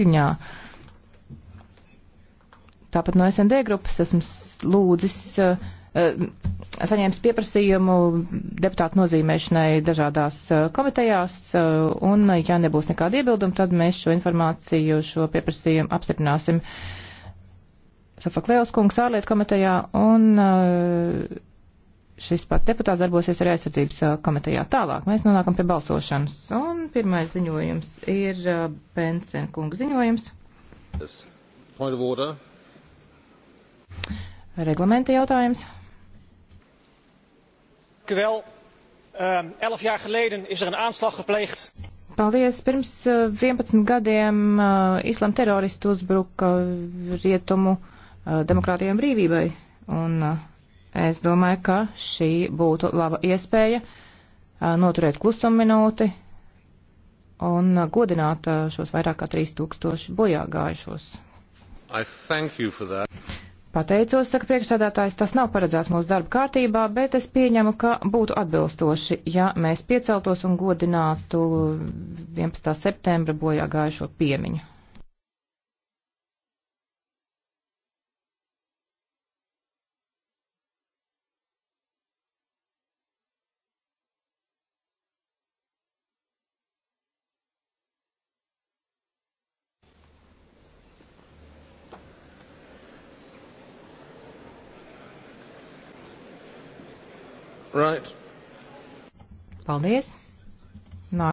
Viņā. Tāpat no SND grupas esmu lūdzis, uh, uh, saņēmis pieprasījumu deputātu nozīmēšanai dažādās uh, komitejās, uh, un uh, ja nebūs nekāda iebilduma, tad mēs šo informāciju, šo pieprasījumu apstiprināsim Safaklējos kungs ārlietu komitejā un uh, šis pats deputāts darbosies arī aizsardzības komitejā. Tālāk mēs nonākam pie balsošanas. Un pirmais ziņojums ir Bensen kunga ziņojums. Point of order. Reglamenta jautājums. Wel, um, 11 jaar geleden is er een aanslag gepleegd. Paldies. Pirms 11 gadiem uh, islam teroristi uzbruka rietumu uh, demokrātiem brīvībai. Un, uh, Es domāju, ka šī būtu laba iespēja noturēt klusumu minūti un godināt šos vairāk kā 3000 bojā gājušos. Pateicos, saka priekšsādātājs, tas nav paredzēts mūsu darba kārtībā, bet es pieņemu, ka būtu atbilstoši, ja mēs pieceltos un godinātu 11. septembra bojā gājušo piemiņu. Right. Paldies!